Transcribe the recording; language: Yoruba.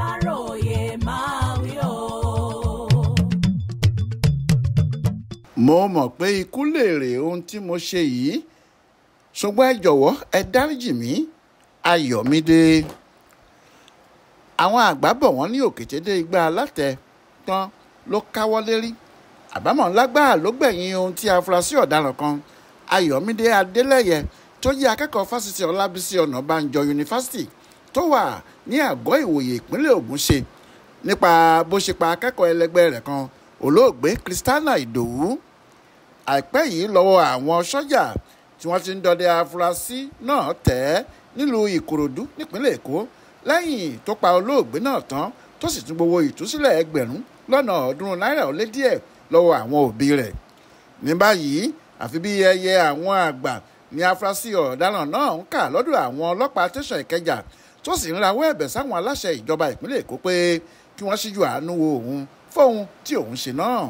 aláròye máa wí o. mo mọ̀ pé ikú lèrè ohun tí mo ṣe yìí ṣùgbọ́n ẹ jọ̀wọ́ ẹ dáríjì mí ayọ̀mídé àwọn àgbà bọ̀ wọ́n ní òkètédé igba alátẹ tán ló káwọ́ lérí àbámọ̀ ńlágbá ló gbẹ̀yìn ohun tí afurasí ọ̀daràn kan ayọ̀mídé adélẹ́yẹ tó jẹ́ akẹ́kọ̀ọ́ fásitì ọlábísí ọ̀nàbànjọ yunifásitì tó wà ní àgọ́ ìwòye ìpínlẹ̀ Ògùn ṣe nípa bó ṣe pa akẹ́kọ̀ọ́ ẹlẹgbẹ́ rẹ̀ kan olóògbé Christiana Ìdòwú àìpẹ́ yìí lọ́wọ́ àwọn sọ́jà tí wọ́n ti ń dọdẹ afurasí náà tẹ̀ nílùú Ìkòròdú nípínlẹ̀ Èkó lẹ́yìn tó pa olóògbé náà tán tó sì tún gbowó ìtúsílẹ̀ ẹgbẹ̀rún lọ́nà ọ̀ọ́dúnrún náírà ó lé díẹ̀ lọ́wọ́ àwọn òbí rẹ̀ ní báyìí àfi bí ẹyẹ àwọn àgbà ni afurasí ọ̀daràn náà ń kà lọ́dọ̀ àwọn ọlọ́pàá tẹ̀sán Ìkẹjà tó sì ń rawọ́ ẹ̀bẹ̀ sáwọn aláṣẹ ìjọba ìpínlẹ̀ Èkó pé kí wọ́n ṣíjú àánú wo òun fóun tí òun ṣe náà